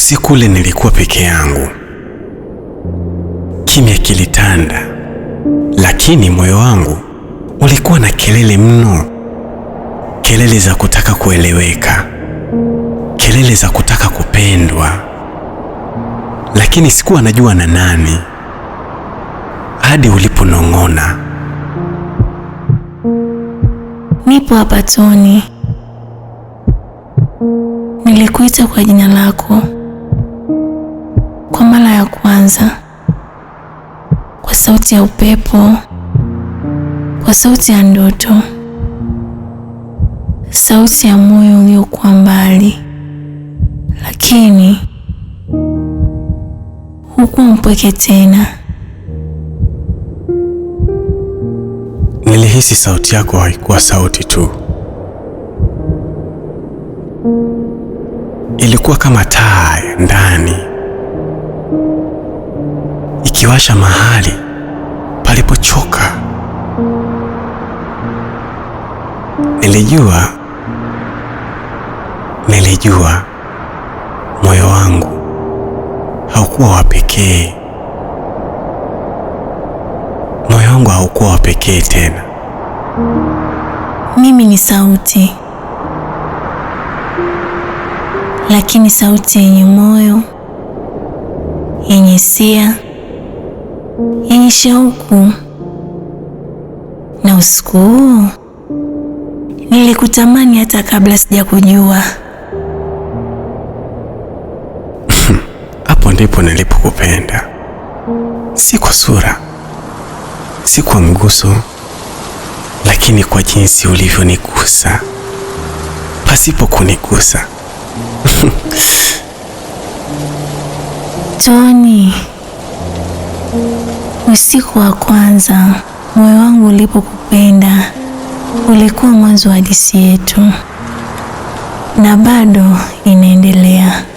Usiku ule nilikuwa peke yangu, kimya kilitanda, lakini moyo wangu ulikuwa na kelele mno, kelele za kutaka kueleweka, kelele za kutaka kupendwa, lakini sikuwa najua na nani, hadi uliponong'ona, nipo hapa Toni. Nilikuita kwa jina lako mara ya kwanza, kwa sauti ya upepo, kwa sauti ya ndoto, sauti ya moyo uliokuwa mbali, lakini hukuwa mpweke tena. Nilihisi sauti yako haikuwa sauti tu, ilikuwa kama taa ndani uliwasha mahali palipochoka. Nilijua, nilijua moyo wangu haukuwa wa pekee, moyo wangu haukuwa wa pekee tena. Mimi ni sauti, lakini sauti yenye moyo, yenye hisia yenye shauku, na usiku huu nilikutamani hata kabla sijakujua. Hapo ndipo nilipokupenda, si kwa sura, si kwa mguso, lakini kwa jinsi ulivyonigusa pasipo kunigusa. Tony. Usiku wa kwanza moyo wangu ulipokupenda ulikuwa mwanzo wa hadithi yetu, na bado inaendelea.